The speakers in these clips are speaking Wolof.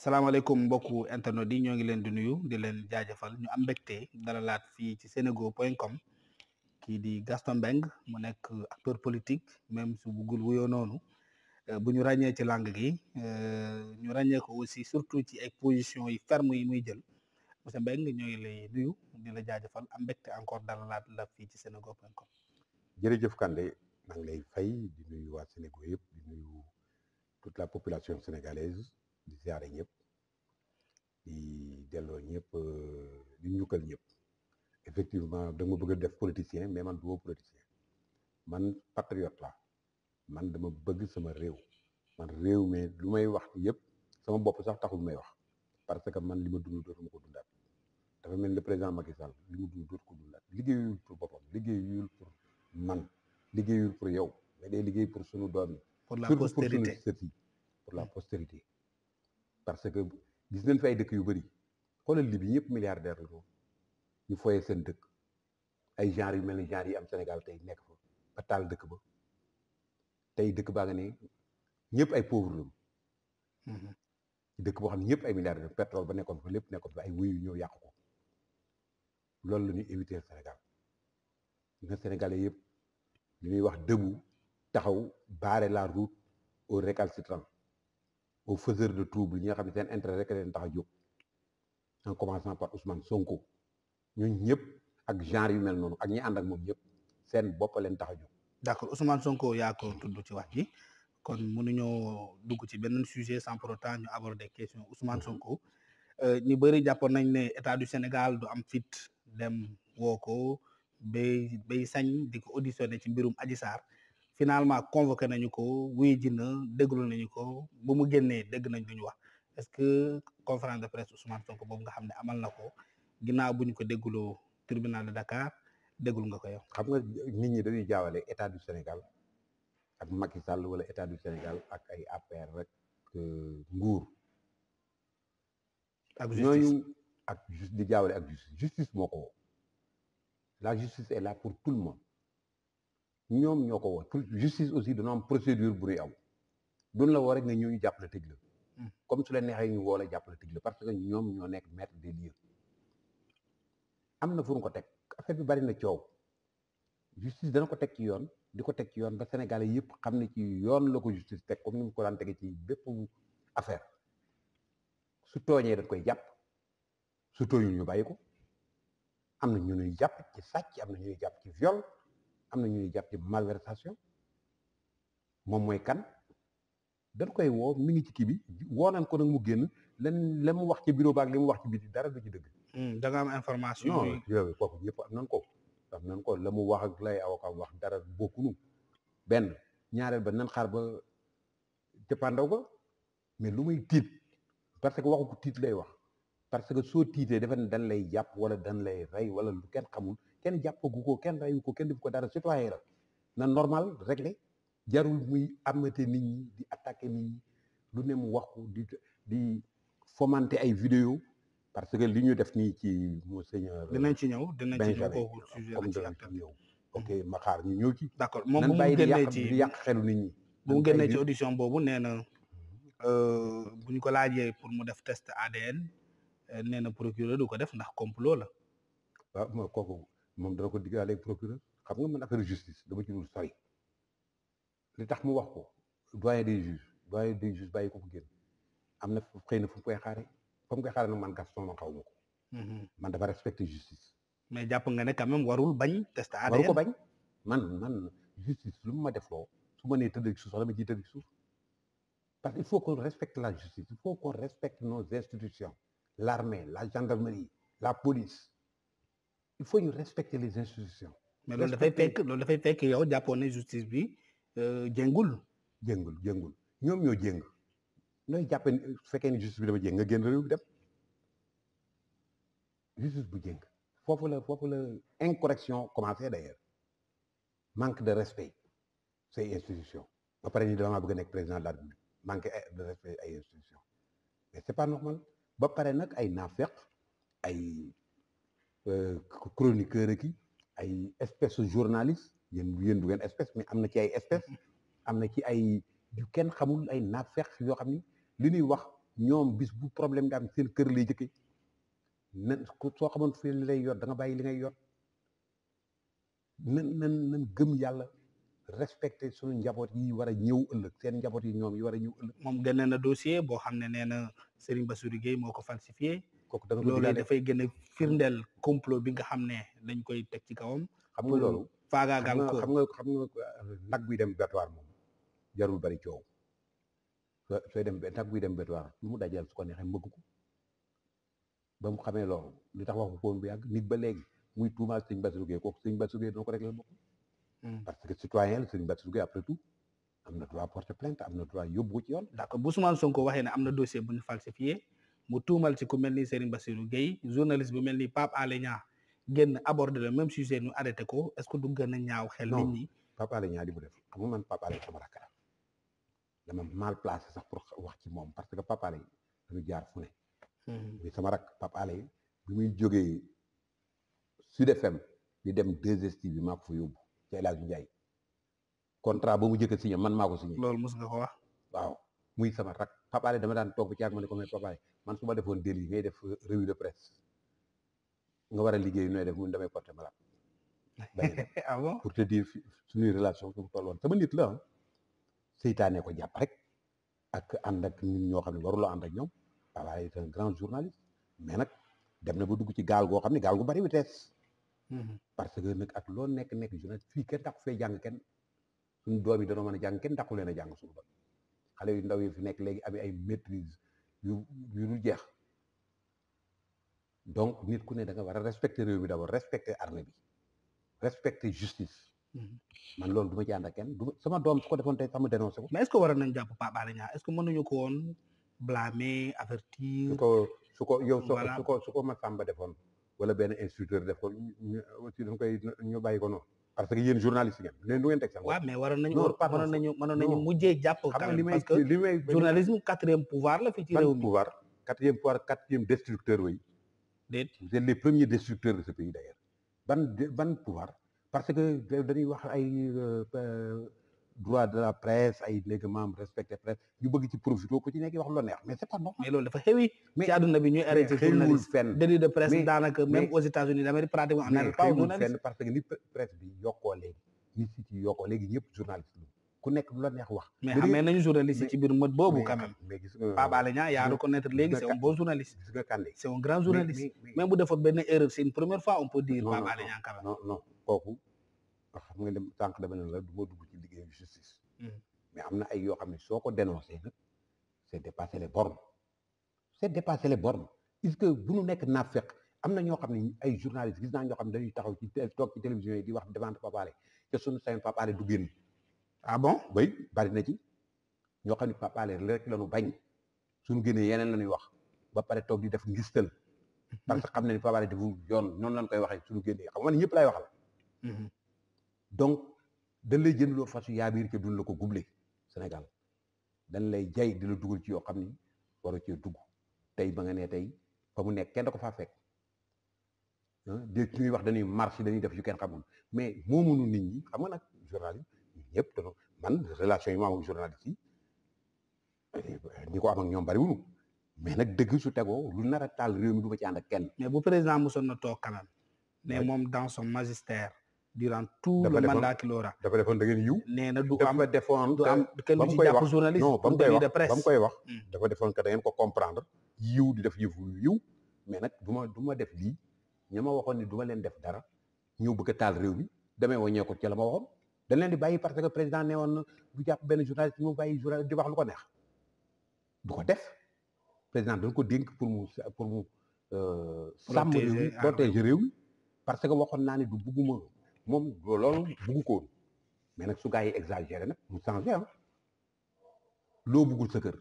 salaamaaleykum mbokku internet yi ñoo ngi leen di nuyu di leen jaajafal ñu am mbégte dalalaat fii ci senego.com kii di Gaston Mbengue mu nekk acteur politique même su buggul wuyoo noonu euh, bu ñu ràññee ci lang gi euh, ñu ràññee aussi surtout ci ay position yi ferme yi muy jël monsieur Mbengue ñoo ngi lay nuyu di la jaajëfal am mbégte encore dalalaat la fii ci senego.com. jërëjëf Kande maa ngi lay fay di nuyu waa Sénégal yëpp di nuyu toute la population sénégalaise. di ziare ñëpp di delloo ñëpp euh, di ñukkal ñëpp effectivement da ma bëgg a def politicien mais man du ma politicien man patriot la man dama bëgg sama réew man réew mais lu may wax yëpp sama bopp sax taxul may wax parce que man li ma dund dootuma ko dundaat dafa mel ni président Macky Sall li mu dund ko dundaat liggéeyul pour boppam liggéeyul pour man liggéeyul pour yow mais liggéey pour sunu doom yi pour la postérité pour la postérité parce que gis nañ fi ay dëkk yu bari xoolal li bi ñëpp milliardaire la ñu ñu seen dëkk ay genre yu mel ni genre yi am Sénégal tey nekk fa ba taal dëkk ba tey dëkk baa nga ne ñëpp ay pauvre lañu mhm. dëkk boo xam ne ñëpp ay milliardaire pétrole ba nekkoon fa lépp nekkoon fa ay yu ñëw yàqu ko loolu la ñuy éviter Sénégal nga Sénégalais yëpp li ñuy wax debout taxaw barrer la route au récalcitrant aux faiseurs de troubles ñi nga xam ne seen intérêt rek leen tax a jóg en commençant par Ousmane Sonko ñun ñëpp ak genre yu mel noonu ak ñi ànd ak moom ñëpp seen bopp leen tax a jóg. d'accord Ousmane Sonko yaa ko ci wax ji kon mënuñoo dugg ci benn sujet san pour autant ñu aborder question Ousmane mhm. Sonko euh, ñu bëri jàppoon nañ ne état du Sénégal du am fit dem woo ko bay bay sañ di ko auditionné ci mbirum Adji finalement convoqué nañu ko wuy ji na déglu nañu ko ba mu génnee dégg nañ lu ñu wax est-ce que conférence de presse Ousmane Sonko boobu nga xam ne amal na ko ginnaaw bu ñu ko dégloo tribunal de Dakar déggul nga koy yow. xam nga nit ñi dañuy jaawale état du Sénégal ak Macky Sall wala état du Sénégal ak ay APR rek euh, nguur. ak justice ak di jaawale ak justice justice moo ko la justice est là pour tout le monde. ñoom ñoo ko woon pour justice aussi dana am procédure bu ñuy aw doonu la woo rek nga ñëw ñu jàppale tëj hmm. comme su leen neexee ñu woo la jàppale tëj la parce que ñoo nekk maître des lieux na fu ko teg affaire bi bari na coow justice dana ko teg ci yoon di ko teg ci yoon ba Sénégalais yëpp xam ne ci yoon la ko justice teg comme mu ko daan tege affaire su tooñee dañ koy jàpp su tooñul ñu bàyyi am na ñu ñuy jàpp ci sàcc am na ñuy jàpp ci viol am na ñuy jàpp ci malversation moom mooy kan dañ koy woo mi ngi ci kii bi woo nañ ko nag mu génn lan la mu wax ci bureau ba li mu wax ci biti dara du ci dëgg. Hmm, da nga am information. yooyu kooku ñëpp am nañ ko. am nañ ko la mu wax ak lay avocat wax dara bokkunu benn ñaareel ba nan xaar ba jëppandaw ba mais lu muy tiit parce que waxu tiit lay wax parce que soo tiitee dafa ne dañ lay jàpp wala dan lay rey wala lu kenn xamul. kenn jàppagu ko kenn rayu ko kenn def ko dara citoyen la na normal réglé jarul muy amate nit ñi di attaqué nit ñi lu ne mu wax ko di fomante ay vidéo parce que li ñu def nii ci monseigneur. dinañ ci ñëw dinañ ci ñëw kooku sujet la ci ñëw. Mhm. ok ma xaar ñu ñëw ci. d' moom bu mu génnee ci di yàq xelu nit ñi. bu ci audition boobu nee na mhm. euh, bu ñu ko laajee pour mu def test ADN euh, nee na procureur du ko def ndax complot la. waaw moom dana ko diggaale procureur xam nga man affaire justice dama ci dul sori li tax mu wax ko doyen des juges doyen des bàyyi ko fu génn am na xëy na fu koy xaare fa mu xaare nag man Gaston man xaw ma ko mhm. man dafa respecter justice mais jàpp nga ne quand même warul bañ test ADN waru ko bañ man man justice lu mu ma def loo su ma nee tëdd ci suuf sax dama ciy tëdd suuf parce que il faut qu'on respecte la justice il faut qu'on respecte nos institutions l'armée la gendarmerie la police il faut ñu respecter les institutions. mais loolu dafay fekk loolu dafay fekk yow jàppoon ne justice bi euh, jéngul. jéngul jéngul ñoom ñoo jéng nooy jàppee su fekkee ne justice bi dafa jéng nga génn réew dem justice bu jéng foofu la foofu la incorrection commencé d'ailleurs manque de respect ces institutions ba pare ni damaa bëgg a nekk président de la République manque de respect ay institutions mais c'est pas normal ba pare nag ay naafeq ay. Euh, chroniqueur ak i ay espèce journaliste yéen yéen du ngeen espèce mais am na ci ay espèce am na ci ay kenn xamul ay naafeq yoo xam ni li ñuy wax ñoom bis bu problème nga seen kër lay jëkke nan soo xamoon fi li lay yor da nga bàyyi li ngay yor nan nan nan gëm yàlla respecté sunu njaboot yi war a ñëw ëllëg seen njaboot yi ñoom yi war a ñëw ëllëg moom gën na dossier boo xam ne nee na Serigne Bassirou Gueye moo ko falsifié kooku da nga loolu dafay gën a firndeel complot bi nga xam ne dañ koy teg ci kawam. xam nga loolu faagaagal ko xam nga xam nga euh, nag buy dem bétuwaar moom jarul bari coow sooy dem nag buy dem bétuwaar lu mu dajal su ko neexee mbëgg ko ba mu xamee loolu li tax waxu foon bu ba léegi muy tuumaal sëñ Bassirou Guèye kooku sëñ Bassirou Guèye doo ko hmm. parce que citoyen la sëñ Bassirou Guèye après tout am na droit ci yoon. d'accord bu Ousmane Sonko waxee ne am na dossier bu ñu mu tuumal ci ku mel ni Serigne Bassirou Gueye journaliste bu mel ni Pape Alé Niang génn aborder le même sujet ñu arrêté ko est-ce que du gën a ñaaw xel nit ñi Pape Alé Niang di mu def xam nga man Pape Alé sama rakk la dama mal placé sax pour wax ci moom parce que Pape Alé jaar fu hmm. sama rakk Pape bi muy jógee Sud FM dem 2STV bi maa ko yóbbu ci El Hadj Ndiaye contrat ba mu jëkk signé man maako ko signé loolu mos nga ko wax waaw muy sama rakk Pape Alé dama daan toog ba ci ak ma ne ko mais Pape Alé man su ma defoon délit ngay def euh, revue de presse nga war a liggéey nooy def mun damay porté malade ah bon suñuy relation fi mu tolloon nit la ah. seytaane ko jàpp rek ak ànd ak ñun ñoo xam ne waruloo ànd ak ñoom Pape Alé est un mais nag dem na ba dugg ci gaal goo xam ne gaal gu bari vitesse mhm. parce que nag ak loo nekk nekk journaliste fii kenn taxu fee jàng kenn suñu doom yi danoo mën a jàng kenn leen a jàng suñu doom xale yu ndaw yi fi nekk léegi amee ay maîtrise yu yu dul jeex donc nit ku ne da nga war a respecter réew mi d'abord respecter armée bi respecter justice. Mm-hmm. man loolu du ma ci ànd kenn du sama doom su ko defoon tey sama dénoncé ko. mais est-ce que waroon nañ jàpp Pape Alé Niang est-ce que mënuñu ko woon blâmer avertir. su ko su ko yow soo su ko su ko defoon wala benn instituteur def ko ñu aussi dañ koy ñu bàyyi ko noonu. parce que yéen journaliste ngeen leen du ngeen teg sax. waaw mais waroon nañu waroon nañu mënoon nañu mujjee jàpp. xam li may parce que journalisme quatrième pouvoir la fi ci réew mi. pouvoir quatrième pouvoir quatrième destructeur way déet les premiers destructeurs de ce pays d'ailleurs ban pouvoir parce que dañuy wax ay. Euh, droit de la presse ay léegi membres respecté presse ñu bëgg ci ku ci nekk wax lu neex mais c'est pas normal. mais loolu dafa xewi. mais ci àdduna bi ñuy arrêté journaliste fenn délit de presse daanaka même aux États-Unis d'Amérique pratiquement on n'arrête pas aux journalistes parce que li presse bi yokkoo léegi ñi ci yokkoo léegi ñëpp ku nekk lu la neex mais amee nañu journaliste ci biir boobu quand même. mais gis yaa reconnaître léegi c'est un bon journaliste. gis nga erreur c'est ndax xam nga dem tànk dama ne la du ma dugg ci liggéeyu justice. Hmm. mais am na ay yoo xam ne soo ko dénoncé nag c' est dépassé les bornes c' est dépassé les bornes est-ce que bu ñu nekk naafeq am na ñoo xam ne ay journalistes gis na ñoo xam ne dañuy taxaw ci toog ci télévision yi di wax devant Pape Alé te suñu sañ Pape Alé du génn ah bon bay bari na ci ñoo xam ne Pape Alé rek la ñu bañ suñu génnee yeneen la ñuy wax ba pare toog di def ngistal hmm. parce que xam na ni Pape Alé defu yoon noonu lañ koy waxee suñu génnee xam nga ni ñëpp lay waxal. Hmm. donc dañ lay loo fas yu yaabiir ca dun la ko guble Sénégal dañ lay jay di la dugal ci yoo xam ni war a cee dugg tey ba nga ne tey fa mu nekk kenn da ko faa fekk dégg ñuy wax dañuy marché dañuy def yu kenn xamul mais moomuñu nit ñi xam nga nag journaliste ñëpp dono man relation yi ma am ak journaliste yi eh, ko am ak ñoom bariwunu mais nag dëgg su tegoo lu nara a taal réew mi du ma ci ànd ak kenn mais bu président mosoon na toog kanam mais moom dans son magistère durant tout le mandat qu'il aura dafa defoon da ngeen yiw nee na dafa defoon du am jàpp journaliste non koy wax mm. dafa defoon que da ko comprendre yiw di def yëfu yiw mais nag du ma du ma def lii ña ma waxoon ni du ma leen def dara ñëw bëgg a taal réew mi damay waññee ko ci la ma waxoon dañ leen di bay parce que président ne woon du jàpp benn journaliste mu bàyyi journaliste di wax lu ko neex du ko def président dañ ko dink pour mu pour mu euh, sàmm réew mi protéger ah réew parce que waxoon naa ne du bugguma moom loolu bugg ko woon mais nag yi exagéré nag mu changé ah loo buggul sa kër.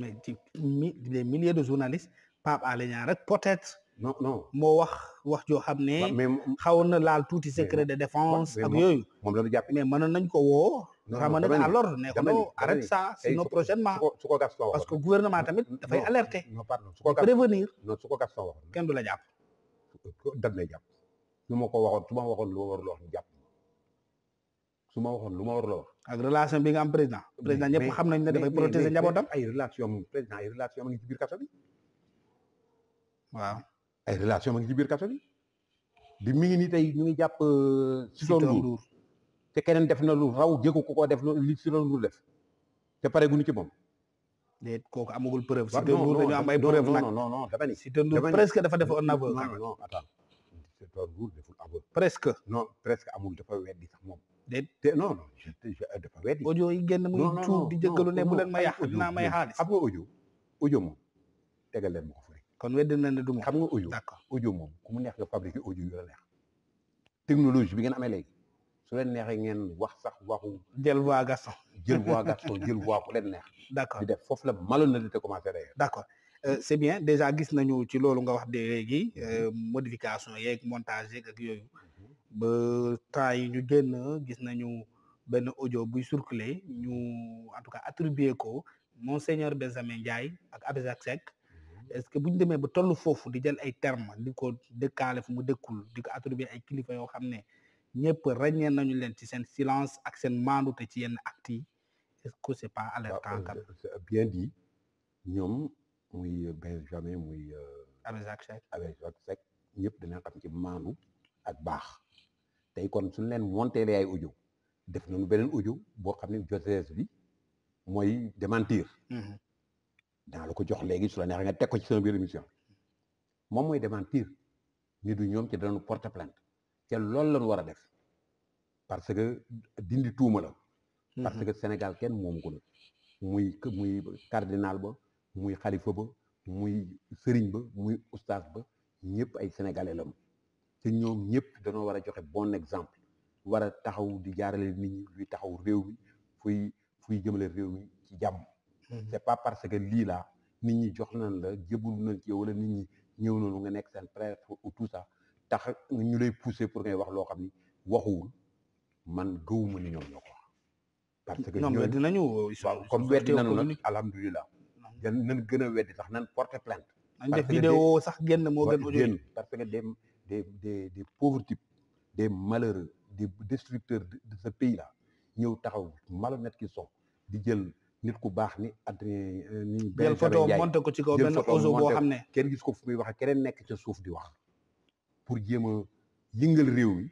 mais ci mi des milliers de journalistes Pape Alé Niang rek peut moo wax wax joo xam ne. xawoon na laal tuuti secret de défense. ak yooyu moom la jàpp mais mënoon nañ ko woo. non non dama alors ne ko non arrête ça sinon prochainement. su ko parce que gouvernement tamit dafay alerter. non pardon prévenir. non su ko Gaston jàpp. su ma ko waxoon su waxoon lu ma warul wax ñu jàpp su ma waxoon lu ma warul wax. relation bi nga am président. président ñëpp xam nañ ne dafay protéger njabootam. ay relation moom président ay relation ma ngi ci biir kaso bi. waaw ay relation ma ngi biir kaso bi. bi nii tey ñu ngi jàpp. Euh, Sitor Ndour te keneen def na lu raw jéego ku ko def li Sitor Ndour def. te pare guñu ci moom. déet kooku amagul preuve. Sitor Ndour dañu presque dafa def un aveu. non Sëriñ Buur deful aveu presque non presque amul dafa weddi sax moom déet non non je euh, dafa weddi audio yi génn muy tuub di jëggalu ne bu leen ma yàq dinaa may xaalis xam nga audio audio moom tegal leen ma ko fëri kon weddi na ne du xam nga ojo d'accord audio moom ku mu neex nga fabriqué audio yu la neex technologie bi ngeen amee léegi su leen neexee ngeen wax sax waxu jël voix Gaston jël voix Gaston jël voix ku leen neex d'accord di def foofu la malhonnêteté commencé rek d'accord Euh, c'est bien déjà gis nañu ci loolu nga wax de léegi euh, mm-hmm. modification yeeg montage yeeg ak yooyu mm-hmm. ba temps yi ñu génn gis nañu benn audio buy circulé ñu en tout cas attribué ko monseigneur Benjamin Ndiaye ak Abbé Jacques Seck mm-hmm. est-ce que bu ñu demee ba toll foofu di jël ay termes di ko dëkkaale fu mu dëkkul di ko attribué ay kilifa yoo xam ne ñëpp ràññee nañu leen ci seen silence ak seen maandu te ci yenn actes yi est-ce que c'est pas alertant. Euh, bien dit ñoom muy euh, Benjamin muy. Euh, Abezak Seck Abezak Seck ñëpp dina xam ci maandu ak baax tey kon suñu leen monteelee ay audio def nañu beneen audio boo xam ne Joseph bi mooy démentir. Mm-hmm. danaa la ko jox léegi su la neexee teg ko ci sama biir émission moom mooy demantir ni du ñoom ci danañu porte plainte te loolu lañu war a def parce que dindi tuuma la. parce mm-hmm. que Sénégal kenn moomu ko muy muy cardinal ba. muy xalifa ba muy sëriñ ba muy ustaas ba ñëpp ay sénégalais la te ñoom ñëpp dañoo war a joxe bon exemple war a taxaw di jaarale nit ñi luy taxaw réew mi fuy fuy jëmale réew mi ci jàmm mhm. c'est pas parce que lii laa nit ñi jox nañ la jëbul nañ ci yow wala nit ñi ñëw na lu nga nekk seen prêtre ou tout ça tax ñu lay pousser pour ngay wax loo xam ni waxuwul man gëwuma ni ñoom ñoo ko wax parce que ñoom dinañu euh, comme weddi nañu nag alhamdulilah nan gën a weddi sax nan porter plainte. nañ def vidéo sax génn moo gën audio génn parce que des des des des pauvres types des malheureux des destructeurs de ce pays là ñëw taxaw malhonnêtes qui sont di jël nit ku baax ni Adrien euh, ni benn photo monté ko ci kaw benn oiseau boo xam ne kenn gis ko fu muy wax keneen nekk ca suuf di wax pour jéem a yëngal réew mi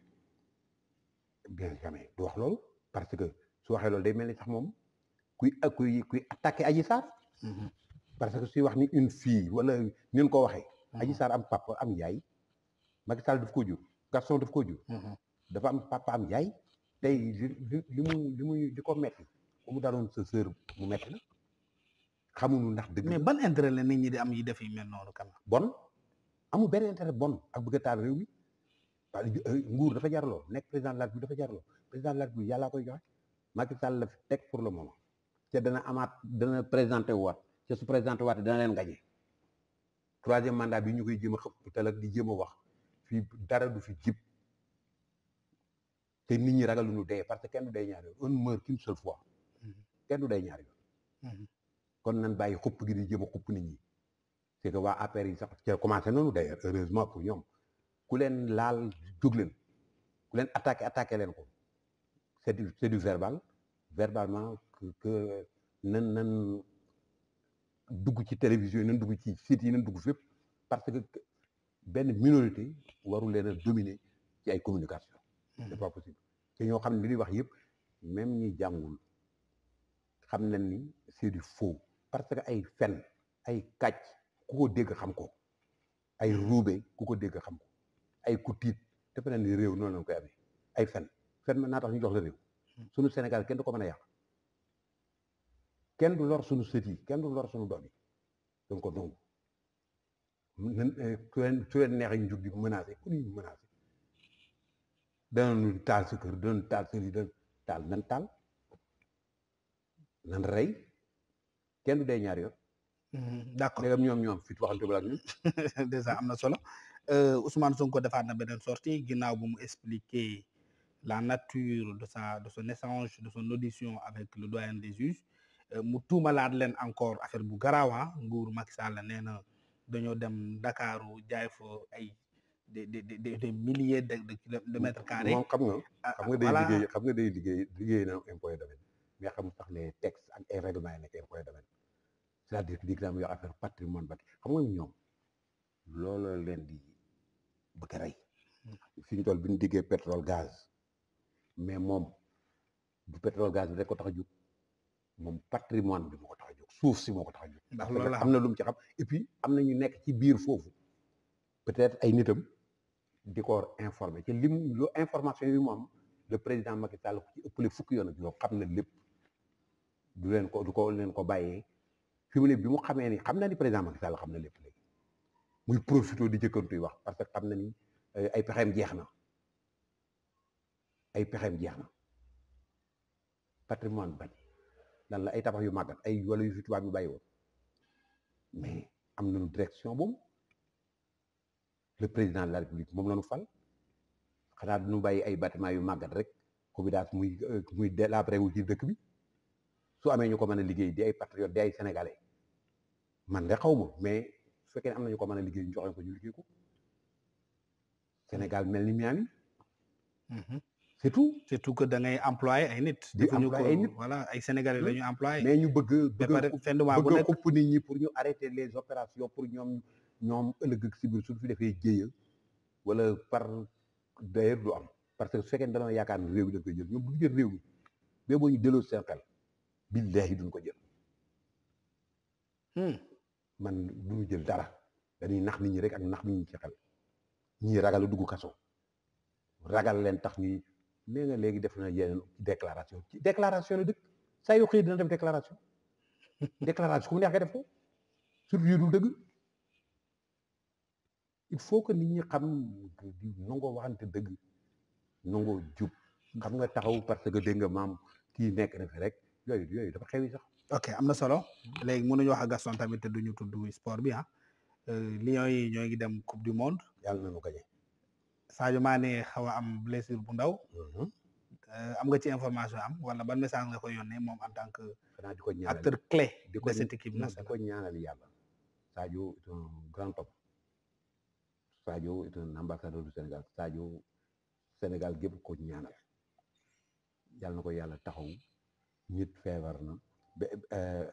bien jamais du wax loolu parce que su waxee loolu day mel ni sax moom kuy kuy kuy attaqué Adji Sarr parce que suy wax ni une fille walla ni ko waxee. Mhm. Adji Sarr am papa am yaay. Macky Sall daf ko jur Gaston def ko jur. Mhm. dafa am papa am yaay. tey li li mu li muy ko metti ba mu sa sœur mu metti na xamuñu ndax dëgg mais ban intérêt la nit ñi di am yi def yi mel noonu kan bon amul benn intérêt bon ak a taal réew euh, dafa jarloo nekk président de la République dafa jaralo président de la République yàllaa koy joxe Macky Sall la teg pour le moment te dana amaat dana présenté waat te su présenté waat dana leen gañe troisième mandat bi ñu koy jéem a xëpp ak di jéem a wax fii dara du fi jib te nit ñi ragalu lu ñu dee parce que kenn du day ñaar yoon on meurt fois mm-hmm. kenn day ñaar mm-hmm. kon nan bàyyi xupp gi di jéem a xupp nit ñi c'est que waa APR yi sax ca commencé noonu d'ailleurs heureusement pour ñoom ku leen laal jóg leen ku leen attaqué attaqué leen ko c'est c'est du verbal verbalement que nan nan dugg ci télévision yi nan dugg ci site yi nan dugg fépp parce que benn minorité waru leen a domine ci ay communication hmm. c'est pas possible te ñoo xam ne li ñuy wax yëpp même ñi jàngul xam nañ ni c'est fo parce que ay fen ay kàcc ku ko dégg xam ko ay hmm. ruube ku ko dégg xam ko ay ku tiit defe naa ni réew noonu lañ koy amee ay fen fen mën naa tax ñu jox la réew hmm. sunu Sénégal kenn du ko mën a yàq kenn du lor suñu sët yi kenn du lor suñu doom yi dañ ko nangu su leen su leen neexee ñu di menacé ku ñu menacé danañu taal sa kër danañu taal sa lii danañu taal nan taal nan rey kenn du dee ñaari yoon. Mm-hmm, d'accord léegi ñoom ñoom fit waxante bala ñun. déjà am na solo euh, Ousmane ko defaat na beneen sortie ginnaaw bu mu expliquer la nature de sa de son échange de son audition avec le doyen des juges. Euh, mu tuumalaat leen encore affaire bu garaawa ah. nguur Macky Sall nee na dañoo dem Ndakaaru jaay fo ay des des des milliers de de mètres carrés. moom xam nga ah, xam nga day liggéey xam nga day liggéey liggéey na impôt domaine mais xam tax les textes ak ay règlement yi nekk impôt domaine c'est-à-dire que di nga am yoo affaire patrimoine ba xam nga ñoom looloo leen di bëgg a rey. bi ñu diggee pétrole mais moom bu bi rek ko tax jóg. moom patrimoine bi moo ko tax a jóg suuf si moo ko tax a jóg. ndax loolu am na lu ci xam et puis am na ñu nekk ci biir foofu peut-être ay nitam di ko informé ci lim lu information yi moom am le président Macky Sall ku ci ëppale fukki yoon ak yow xam na lépp du leen ko du leen ko bàyyee fi mu ne bi mu xamee ni xam naa ni président Macky Sall xam na lépp léegi muy profité di jëkkantuy wax parce que xam na ni euh, ay pexeem jeex na ay pexeem jeex na patrimoine bâti lan la ay tabax yu màggat ay wala yu fi tubaab yu bàyyi woon mais am nañu direction boobu le président de la république moom la ñu fal xanaa du ñu bàyyi ay bâtiment yu màggat rek covidage muy muy délabré wu ci dëkk bi su amee ñu ko mën a liggéey di ay patriotes di ay sénégalais man de xaw ma mais su fekkee am na ñu ko mën a liggéey ñu joxe ko ñu liggéey ko Sénégal mel ni Miami. Mm-hmm. c'est tout surtout que da ngay employé ay nit. di employé ay nit voilà ay sénégalais la hmm. ñu employé. mais ñu bëgg bëgg bëgg xupp nit ñi pour ñu arrêter les opérations pour ñoom ñoom ëllëg ak si biir suñ fi defee jéeya wala par d'ailleurs du am parce que su fekkee dañoo yaakaar ne réew mi dañ jël ñoom du ñu jël réew mi mais boo ñu delloo seen xel billahi duñ ko jël. Hmm. man du ñu jël dara dañuy nax nit ñi rek ak nax nit ñi ci xel ñii ragal dugg kaso ragal leen tax nee nga léegi def na yeneen déclaration ci déclaration la dëkk saa yoo xëy dina def déclaration déclaration ku mu neex nga def ko surtout yu dul dëgg il faut que nit ñi xam di nangoo waxante dëgg nangoo jub xam nga taxaw parce que dégg nga maam kii nekk na fi rek yooyu yooyu dafa xewi sax. ok am na solo léegi mënuñu wax ak Gaston tamit te duñu tudd sport bi ah euh, Lions yi ñoo ngi dem coupe du monde. yàlla na ñu gagné. Sadio maane xaw a am blessure bu ndaw. Mhm. Euh, am nga ci information am wala ban message nga koy yónnee moom en tant que. acteur clé de cette équipe nationale di ko ñaanal yàlla. Sadio est un grand homme Sadio est un ambassadeur du Sénégal Sadio Sénégal gépp ko ñaanal yàlla na ko yàlla taxaw nit feebar na euh,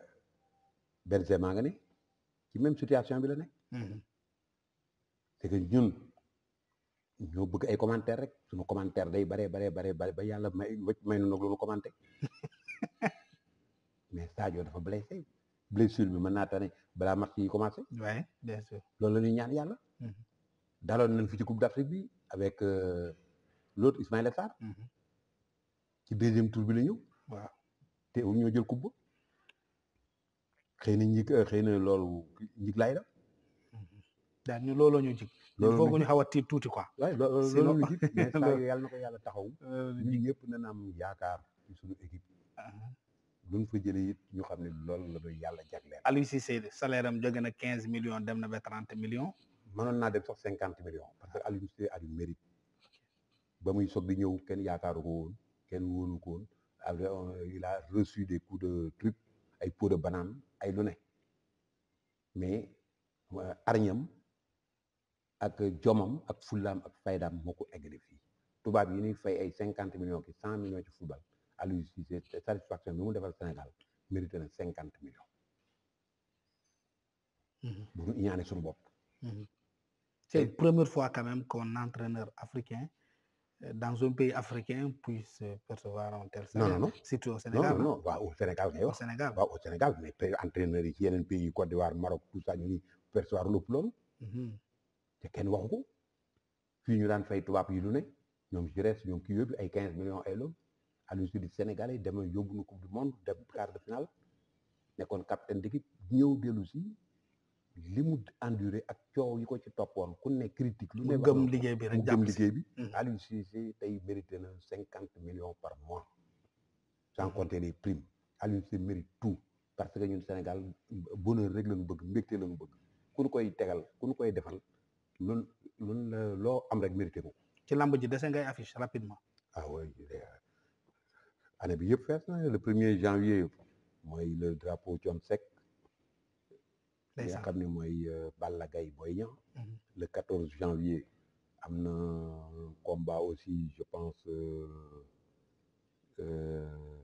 Benzema nga ne ci même situation bi la nekk. Mhm. ñun. ñoo bëgg ay commentaire rek suñu commentaire day bare bare bare bare ba yàlla may may nu nag loolu commenté mais Sadio dafa blessé blessure bi mën naa tane balaa match yi commencé. oui bien loolu la ñuy ñaan yàlla. Mhm. daloon nañ fi ci Coupe d'Afrique bi avec euh, l'autre Ismaïla Sarr. Mhm. ci deuxième tour bi la ñëw. waaw te ñoo jël coupe ba xëy na loolu ñi lay la. Mhm. ñu jig loolu foog ñu xaw a tiit tuuti quoi. loolu ñu jib mais saa yàlla na ko yàlla taxaw. ñun ñëpp nañ am yaakaar ci suñu équipe. luñ ah. fa jëlee it ñu xam ne loolu la doon yàlla jagleel. Aliou Cissé salaire am jóge na quinze millions dem na ba trente millions. mënoon naa dem sax cinquante millions parce que Aliou Cissé a du mérite. ba muy soog di ñëw kenn yaakaaru ko woon kenn woonu ko woon il a reçu de truc ay peau de ay lu ne mais euh, arñam ak jomam ak fullaam ak faydaam moo ko eggale fii tubaab yi ñuy fay ay cinquante millions ki cent millions ci football Aliou Cissé satisfaction bi mu defal Sénégal mérité na cinquante millions mhm. bu ñu ñaanee suñu bopp mhm. c'est première fois quand même qu'un entraîneur africain euh, dans un pays africain puisse percevoir un tel salaire. non non non surtout au Sénégal non non waaw au Sénégal ngay wax. Sénégal waaw au Sénégal mais entraîneur yi ci yeneen pays yi Côte d'Ivoire Maroc tout ça ñu ngi percevoir lu ëpp loolu. Mhm. kenn waxu ko ñu daan fay tubaab yi lu ne ñoom Giresse ñoom kii yóbbu ay 15 millions ay loolu Aliou Cissé Sénégalais dem yóbbu na coupe du monde dem quart de finale nekkoon capitaine d'équipe ñëw dellu si li mu enduré ak coow yi ko ci toppoon ku ne critique lu ne gëm liggéey bi rek gëm liggéey bi. Mm-hmm. Aliou Cissé tey mérité na cinquante millions par mois sans mm-hmm. compter les primes Aliou Cissé mérite tout parce que ñun Sénégal bonheur rek lañu bëgg mbégte lañu bëgg ku ñu koy tegal ku ñu koy defal. lu lu loo am rek mérité ko. ci lamb ji dese ngay affiche rapidement. ah oui année bi yëpp le premier janvier mooy le drapeau Thione Seck. day nga xam ne mooy euh, Balla Gaye Boy Niang. Mhm. le quatorze janvier. am na combat aussi je pense euh, euh,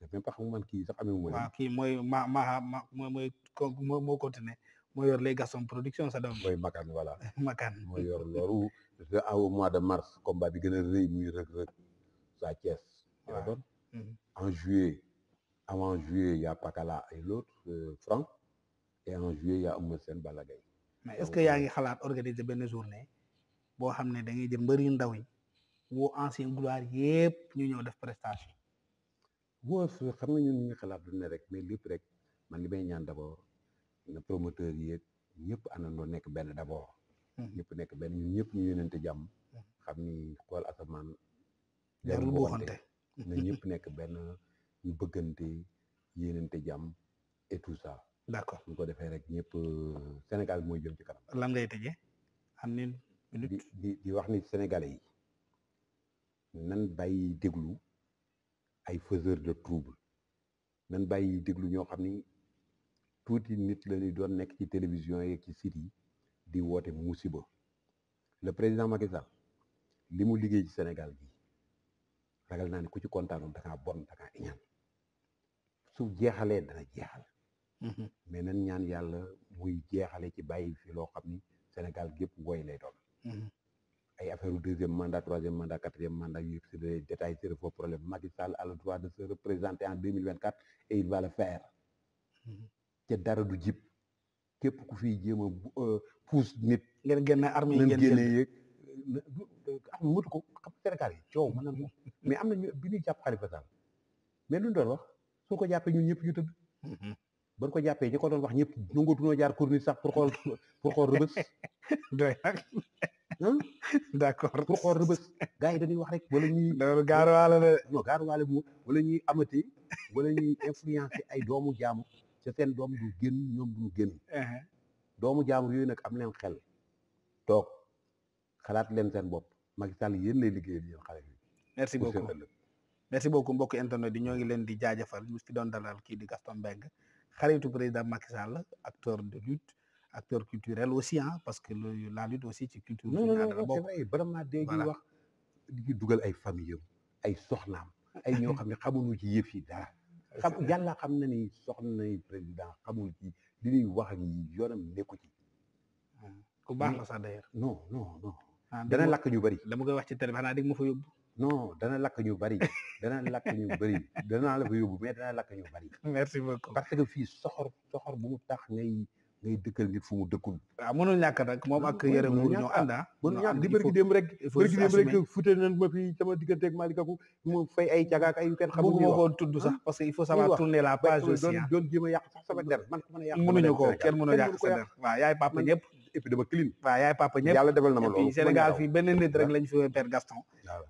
je ne sais même man kii sax amee. waaw kii mooy mooy yor les Gaston production sa doom mooy Makan voilà Makan moo yor loolu au mois de mars combat bi gën a rëy muy Reug Reug sa Thiès mhm. en juillet avant juillet y a Pakala et l'autre euh, Franck et en juillet y a Eumeu Sène Balla est-ce que yaa ngi xalaat organiser benn journée boo xam ne da ngay jël mbëri ndaw yi woo ancien gloire yëpp ñu ñëw def prestation woo xam nga ñu ngi xalaat lu ne rek mais lépp rek man li may ñaan d'abord le promoteur yeeg ñëpp àndandoo nekk benn d'abord. Hmm. ñëpp nekk benn ñun ñëpp ñu yónnante jàmm. Hmm. xam ni xool asamaan. jarul buuxante na ñëpp nekk benn ñu bëggante yéenante jàmm et tout ça. d'accord ñu ko defee rek ñëpp euh, Sénégal mooy jëm ci kanam. lan ngay tëjee am nañ di wax ni sénégalais yi nan bay déglu ay faiseurs de trouble nan bàyyi déglu ñoo xam ni. tuuti nit la doon nekk ci télévision yeeg ci siti di woote musiba le président Macky li mu liggéey ci Sénégal bi ragal naa ne ku ci kontaanoon da ngaa bon da ngaa iñaan jeexalee dana jeexal. Mhm. mais nan ñaan yàlla muy jeexalee ci bàyyi fi loo xam ni Sénégal gépp wooy lay doon. Mhm. ay affaire u deuxième mandat troisième mandat quatrième mandat yu c'est des détails c'est faux problème Macky Sall a le droit de se représenter en deux mille vingt quatre et il va le fa te dara du jib képp ku fi jéem pouse euh, puus nit. ngeen na armée ngeen génne yeeg euh, euh, armée motu ko xam Sénégal yi coow mën na mais am na bi ñuy jàpp Khalifa Sall mais lu ñu doon wax soo ko jàppee ñun ñëpp ñu tëdd. ba ko jàppee ñi ko doon wax ñëpp nanguutu noo jaar cour sax pour xool pour xool rëbës. doy nag. Hmm? d' accord pour xool rëbës. gars yi dañuy wax rek wala ñuy. loolu gaaruwaale la de. non gaaruwaale moom wala ñuy amati wala ñuy influencer ay doomu jaamu. ca seen doom du génn ñoom duñu génn doomu jaamu yooyu nag am leen xel toog xalaat leen seen bopp Macky Sall yéen lay liggéeyal yéen xale yi merci beaucoup merci beaucoup mbokk internet di ñoo ngi leen di jaajëfal ñu fi doon dalal kii di Gaston Mbengue xaritu président Macky Sall acteur de lutte acteur culturel aussi ah parce que le, la lutte aussi ci culture aada la bokk vraiment dégg wax di dugal ay famille am ay soxnaam ay ñoo xam ne xamuñu ci yëf yi dara xam yàlla xam na ni soxna nañu président xamul ci li ñuy wax ak yoonam nekku ci. Ah, ku baax la sax d'ailleurs. non non non. Ah, dana lakk ñu bari. dama koy wax ci télé bi mo dégg ma fa yóbbu. non dana lakk yu bari dana lakk ñu bari danaa la fa yóbbu mais dana lakk yu bari. merci beaucoup parce que fii soxor soxor bu mu tax ngay. ngay dëkkal nit fu mu dëkkul. waaw mënul ñàkk nag moom ak yëre mu ñoo ànd ah. mënul ñàkk di bërgi dem rek. bërgi ku mu fay ay cagaak ay kenn xamul ko tudd sax parce que il faut savoir tourner la page aussi doon ah. doon jéem a yàq sax sama der man ko a ko kenn mënul yàq sa der waaw yaay papa ñëpp et Sénégal fii benn nit rek lañ fi woowee Gaston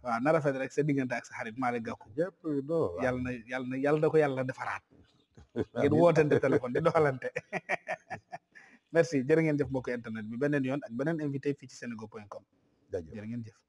waaw na rafet rek sa diggante ak sa xarit Malick Gakou yàlla na yàlla na yàlla na ko yàlla defaraat di doxalante merci jërë ngeen jëf mbokk internet bi beneen yoon senego point com jërë